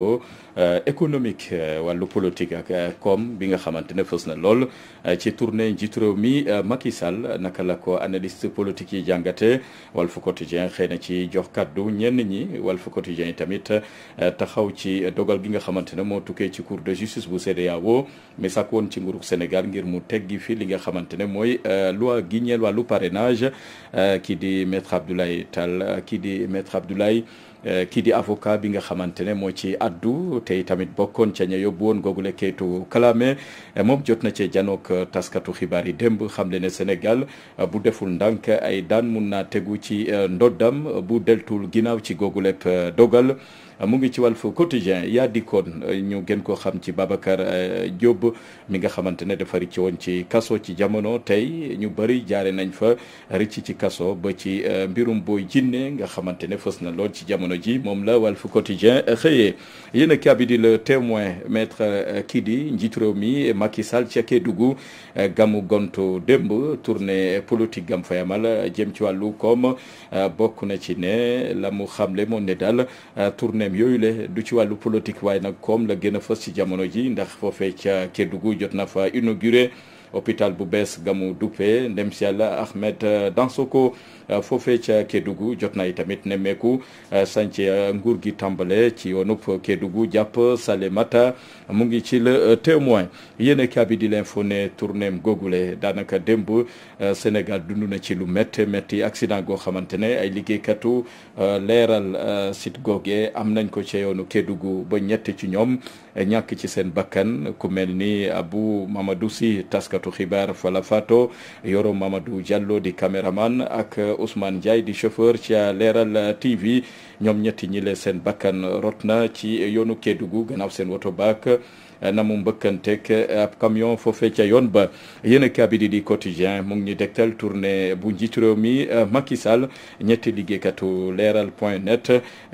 Euh, économique euh, wàllu politique ak euh, koom bi nga xamante ne fës na lool ci tournée njiitu réew mi Macky Sall naka la ko analyste politique yi jàngate Walf Quotidien xëy na ci jox kàddu ñenn ñi Walf Quotidien yi tamit taxaw ci dogal gi nga xamante ne moo tukkee ci cour de justice bu CEDEAO mi sàkk woon ci nguurug Sénégal ngir mu teggi fi li nga xamante ne mooy loi gi ñeel wàllu parrainage kii di maître Abdoulaye Tall kii di maître Abdoulaye Eh, kii di avocat bi nga xamante ne moo ci addu tey tamit bokkon ce ña yóbbu woon googule kayitu kalaame eh, moom jot na cee janook eh, taskatu xibaar yi démb xam le ne senegal bu deful ndànk ay dan mun naa tegu ci ndoddam bu deltul ginnaaw ci googu lépp dogal Euh, mu ngi ci Walf Quotidien yaa dikkoon euh, ñu gën koo xam ci Babacar euh, Diop mi nga xamante ne dafa ricc woon ci kaso ci jamono tey ñu bëri jaare nañ fa ricc ci kaso ba ci mbirum Boy Djiné nga xamante ne fës na lool ci jamono ji moom la wal fu Quotidien xëyee yéen a kaabi di le témoin maître Kidi njiitu réew mi Macky Sall ca Kédougou gamu gontu démb tournée politique gam fa yamal jëm ci wàllu koom bokk na ci ne la mu xamle moom ne daal tournée tournéem yooyu le du ci wàllu politique waaye nag comme la gën a fës ci jamono ji ndax foofee ca Kédougou jot na fa inauguré hôpital bu bees gamu dupe ndem si yàlla Ahmed euh, Dansoko euh, foofee ca Kédougou jot na itamit nemmeeku euh, sànci nguur gi tàmbale ci yoonub Kédougou jàpp Salémata mu ngi ci la témoin yéen a kaabi di l'info ne tournéem googule daanaka demb Sénégal dund na ci lu métti métti accident goo xamante ne ay liggéeykatu leeral site googee am nañ ko ca yoonu Kédougou ba ñett ci ñoom ñàkk ci seen bakkan ku mel ni abu Mamadou taska taskatu xibaar fala fato yoro Mamadou Diallo di caméraman ak Ousmane Ndiaye di chauffeur ci Leral TV ñoom ñetti ñi leen seen bakkan rot na ci yoonu Kédougou gannaaw seen woto baak Eh, na mu mbëkkanteeg eh, ab camion foofee yoon ba yéen a kabidi di quotidien mu ngi ñu dektal tournée bu njiitu réew mi eh, Macky Sall ñetti liggéeykatu leeral point net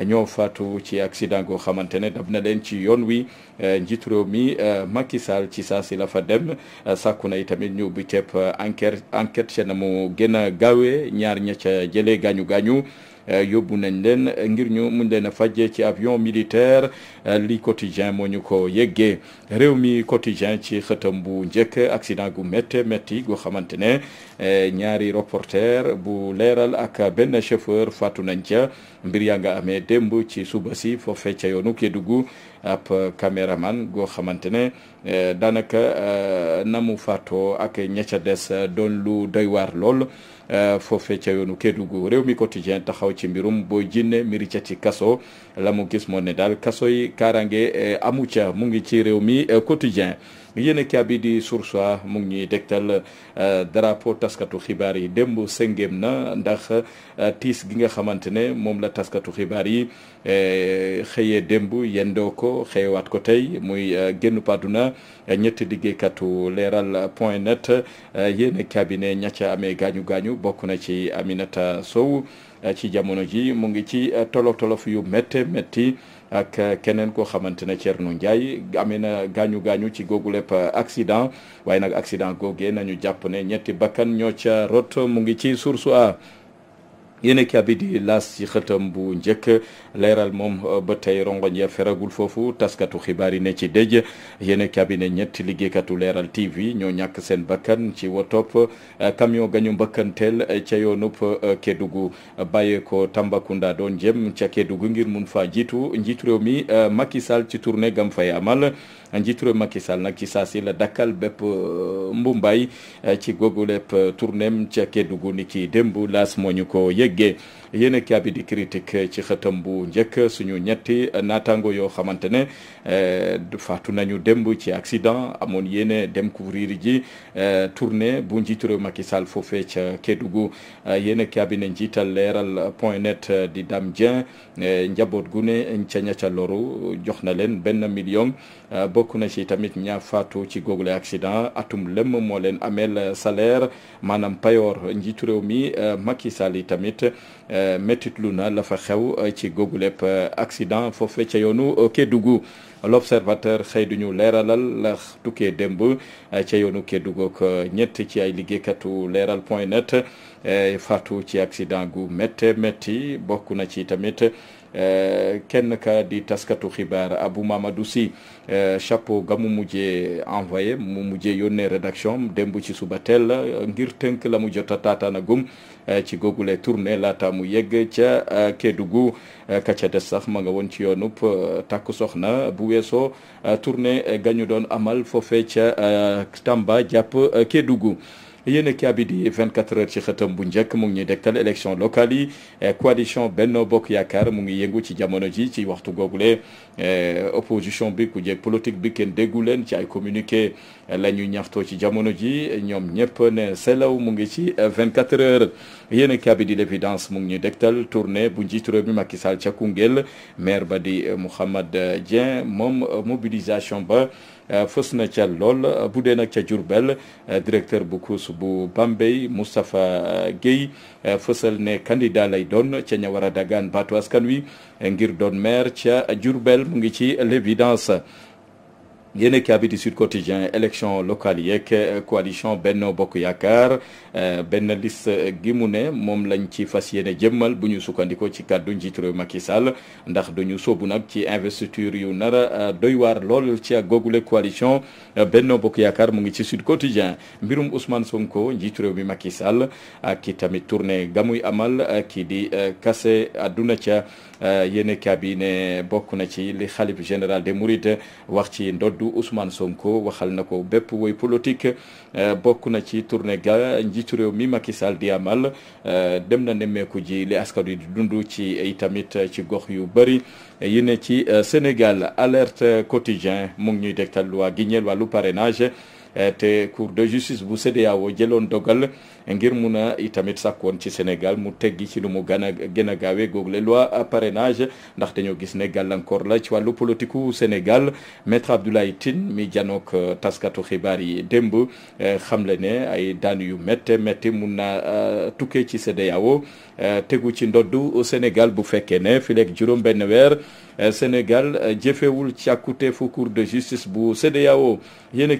ñoo faatu ci accident goo xamante ne dab na leen ci yoon wi njiitu réew mi Macky Sall ci saa si la fa dem sàkku na itamit ñu bi tepp enquête enquête ca na mu gën a gaawee ñaar ña ca gaañu gaañu Eh, yóbbu nañ leen eh, ngir ñu mu leen a faj ci avion militaire eh, li quotidien moo ñu ko yëggee réew mi quotidien ci xëtam bu njëkk accident gu métti métti goo xamante ne ñaari reporter bu leeral ak benn chauffeur faatu nañ ca mbir yaa amee démb ci suba si foofee ca yoonu Kédougou ab caméraman goo xamante ne daanaka na mu faatoo ak ña ca des doon lu doy lool Eh, foofee ca yoonu Kédougou réew mi quotidien taxaw ci mbirum Boy Djiné mbiri ca kaso la mu gis moo ne daal kaso yi kaaraange eh, amu ca mu ngi ci réew mi eh, quotidien yéen a bi di Source mu ngi ñuy dégtal euh, drapeau taskatu xibaar yi démb sëngéem na ndax euh, tiis gi nga xamante ne moom la taskatu xibaar yi euh, xëyee démb yendoo ko xëyewaat ko tey muy génn paduna ñetti liggéeykatu leeral point net yéen a cabinet ña ca amee gaañu gaañu bokk na ci Aminata Sow ci jamono ji mu ngi ci tolof tolof yu métte métti ak keneen koo xamante ne Thierno Ndiaye amee na gaañu gaañu ci googu lépp accident waaye nag accident googee nañu jàpp ne ñetti bakkan ñoo ca rot mu ngi ci source a yéen a bi ci xëtam bu njëkk leeral moom euh, ba tey rongoñ ya feragul foofu taskatu xibaar yi ne ci dej yéen a bi ne ñett liggéeykatu leeral TV ñoo ñàkk seen bakkan ci wotoop euh, camion gañu mbëkkanteel euh, ca yoonub Kédougou bàyyeekoo Tambacounda doon jëm ca Kédougou ngir mun fa jiitu njiitu réew mi Macky Sall ci tournée gam fay amal njiitu réew Macky Sall la dakkal bépp mbumbaay ci googu lépp tournéem ca Kédougou ni ki démb moo ñu ko yëg. déggee yéen a di critique ci xëtam bu njëkk suñu ñetti naataango yoo xamante ne eh, faatu nañu dem ci accident amoon yéene dem couvrir ji eh, tournée bu njiitu réew Macky Sall foofee ca Kédougou eh, yéen a kii bi ne njiital leeral point net di Dame Dieng njaboot gu ne ca loru jox na leen benn million bokk na ci tamit ñaa faatu ci googule accident atum lem moo leen ameel salaire maanaam payoor njiitu réew mi Macky Sall yi tamit. Euh, métitlu na la xew euh, ci googu lépp euh, accident foofee ca yoonu Kédougou l'observateur xëy duñu leeralal la tukkee démb ca yoonu Kédougou ak ñett ci ay liggéeykatu leeral point net faatu ci accident gu métte métti bokk na ci tamit Eh, kenn ka di taskatu xibaar abu Mamadou Sy eh, chapeau ga mu mujjee envoyé mu mujje yonne rédaction démb ci suba teel ngir tënk la mu jot a taataanagum eh, ci googule tournée laata mu yegg ca kedugu ka ca des sax ma nga woon ci yoonub takk soxna bu weesoo tournée ñu doon amal foofe ca Tamba jàpp Kédougou yéen a kii abidi 24 ci xëtam bu njëkk mu ngi ñuy dégtal élection locale yi eh, coalition Benno Bokk Yaakaar mu ngi yëngu ci jamono ji ci waxtu googule eh, opposition bi ku jeeg politique bi kenn déggu leen ci ay communiqué la ñu ñaxtoo ci jamono ji ñoom ñëpp ne selaw mu ngi ci 24 heures yéen a kii abidi l'évidence mu ngi ñuy dégtal tournée bu njiitu réew mi Macky Sall ca Koungheul maire ba di Mouhamad Dieng moom mobilisation ba. Euh, fës na ca lool bu dee nag ca Diourbel euh, directeur bu course bu Bambey Moustapha Guèye euh, fësal ne candidat lay doon ca ña war a dagaan baatu askan wi ngir doon maire ca Diourbel mu ngi ci l'évidence yéen a bi di Sud Quotidien élection locale yeeg euh, coalition benn Bokk Yaakaar euh, benn liste euh, gi mu ne moom lañ ci fas yéene jëmmal bu ñu sukkandikoo ci kàddu njiitu réew Macky Sall ndax ñu soobu nag ci investiture yu nar a doy waar lool ci ak googule coalition benn Bokk Yaakaar mu ngi ci Sud Quotidien mbirum Ousmane Sonko njiitu réew mi Macky Sall ak ki tamit tournée gamuy amal ki di kase adduna ca. Euh, yéen bi ne bokk na ci li xalif général de Mourides wax ci ndoddu Ousmane Sonko waxal na ko bépp woy politique euh, bokk na ci tournée ga njiitu réew mi Macky Sall di amal euh, dem na nemmeeku ji li askan wi dund ci itamit ci gox yu bëri yi ci Sénégal alerte quotidien mu ngi ñuy degtal waa gi ñeel wàllu parrainage Eh, te cour de justice bu CEDEAO jëloon dogal ngir mun a itamit sakkoon ci Sénégal mu teggi ci lu mu gën a gën a gaawee google loi parrainage ndax dañoo gis ne gàllankoor la ci wàllu politiku Sénégal maître Abdoulaye Tine mi janook eh, taskatu xibaar yi démb eh, xamle ne ay daan yu mette metti mun naa tukkee ci CEDEAO tegu ci ndoddu Sénégal bu fekkee ne fileeg juróom benn weer Sénégal jëfewul càkkuteefu cour de justice bu CEDEAO yéen a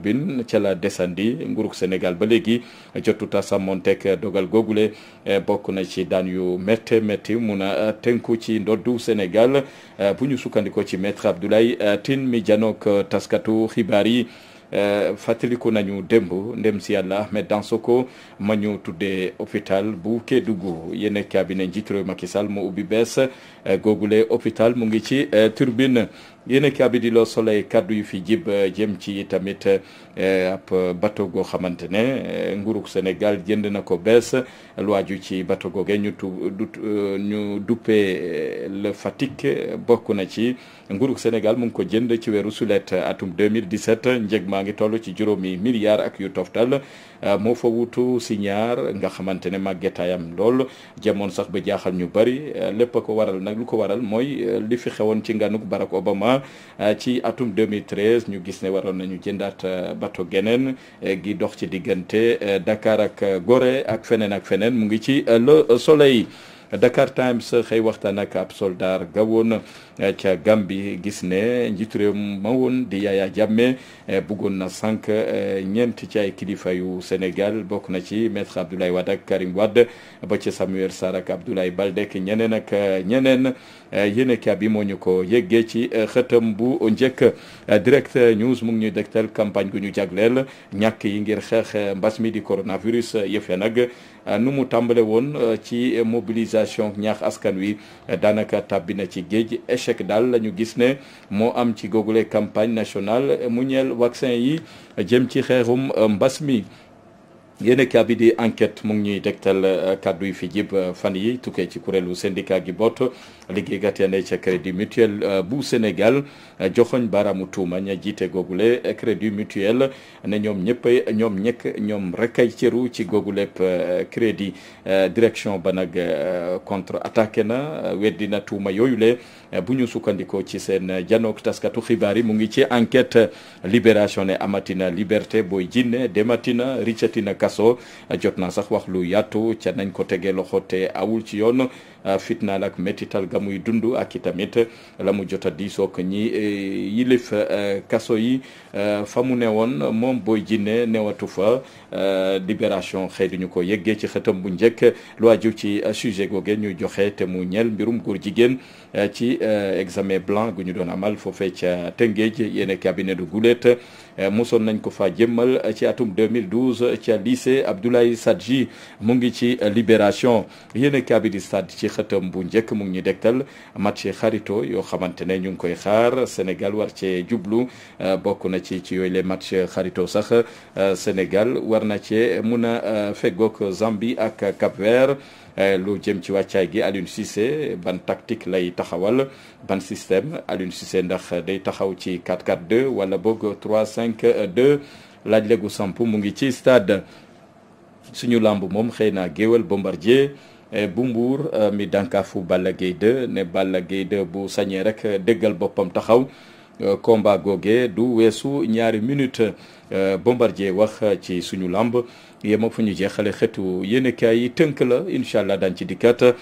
tribune ca la desandi nguurug Sénégal ba léegi jotuta sàmmonteeg dogal googule eh, bokk na ci daan yu métti métti mun eh, tenku ci ndoddu Sénégal eh, bu ñu sukkandikoo ci maître Abdoulaye Tine mi janook taskatu xibaar yi Uh, fàttaliku nañu demb ndem si yàlla Ahmed Dansoko ma ñu tuddee hôpital bu Kédougou yéen cabinet njiitu réew mu ubbi bees uh, hôpital mu ngi ci turbine yéen ka bi di loo soleil kaddu yu fi jib eh, jëm ci tamit eh, ab bato goo xamante ne eh, nguurug Sénégal jënd na ko bees lu waaju ci bato googe ñu tu ñu duppee le Fatick bokk na ci nguurug senegal mu ngi ko jënd ci weeru sulet atum 2017 njëg maa ngi toll ci juróomi milliards ak yu toftal moo fa wutu si ñaar nga xamante ne màggetaayam lool jëmoon sax ba jaaxal ñu bari lépp ko waral nag lu ko waral mooy li fi xewoon ci nganuk Barack Obama. 1 euh, ci atum 2013 ñu gis ne waroon nañu jëndaat euh, bato geneen euh, gi dox ci diggante Dakar ak gore ak feneen ak feneen mu ngi ci le soleil Dakar Times xëy waxtaan ak ab soldaar gawoon woon eh, ca Gambie gis ne njiitu réew ma woon di Yaya Jammeh eh, bëggoon na sànq eh, ñeent ci ay kilifa yu Sénégal bokk na ci maître Abdoulaye Wade ak Karim Wade ba ci Samuel Sarr ak Abdoulaye Baldé ak ñeneen ak ñeneen bi mooñu ko yëggee ci xëtam bu njëkk direct news mu ngi ñuy dégtal campagne gu ñu jagleel ñàkk yi ngir xeex mbas mi di coronavirus yëf ya nag nu mu tàmbale woon ci mobilisation. mobilisation ñaax askan wi daanaka tàbbi na ci géej échec daal lañu ñu gis ne moo am ci googule campagne nationale mu ñeel vaccin yi jëm ci xeexum mbas mi yéen a bi di enquête mu ngi ñuy dégtal euh, kàddu yi fi jib euh, fan yi tukkee ci kuréelu syndicat gi boot liggéeykat ya ne ca crédit mutuel euh, bu Sénégal joxoñ baaraamu tuuma ña jiite googule crédit mutuel ne ñoom ñëppay ñoom ñekk ñoom rek ay cëru ci googuleep crédit direction ba nag contre attaqué na weddi na tuuma yooyu le bu ñu sukkandikoo ci seen janook taskatu xibaar yi mu ngi ci enquête libération ne amatina liberté booy jinne dematina ricatina kaso jot na sax wax lu yaatu ca nañ ko tegee loxo te awul ci yoon ah, fitnaal ak métital ga muy dund ak itamit la mu jot a diisoog ñi eh, yilif eh, kaso yi ah, fa mu ne woon moom Boy ne newatu fa Euh, libération xëy ñu ko yeggee ci xëtam bu njëkk lu aju ci euh, sujet googe ñuy joxe te mu ñel mbirum góor jigéen euh, ci examen blanc gu ñu doon amal foofee ca Tëngéej yéen cabinet du Goulet mosoon nañ ko fa jëmmal ci atum 2012 ca lycée Abdoulaye Sadji mu ngi ci libération yéen cabinet di stade ci xëtam bu njëkk mu ngi ñu dektal match xarito yoo xamante ne ñu ngi koy xaar Sénégal war ci jublu bokk na ci ci yooyu les match xarito sax Sénégal war na cee mun a euh, feggoog Zambie ak Cap-Vert euh, lu jëm ci wàccaay gi Aliou Cissé ban tactique lay taxawal ban système Aliou Cissé ndax day taxaw ci 4-4-2 wala boog 3-5-2 laaj legu samp mu ngi ci stade suñu làmb moom xëy na géwél bombardier euh, bu mbuur mi dànkaafu Balla Gaye 2 ne Balla Gaye bu sañee rek déggal boppam taxaw Euh, combat googe du weesu ñaari minute euh, bombardier wax ci suñu lamb yema fu ñu jeexale xetu yéenekaay yi tënk la incha allah daañu ci dikkat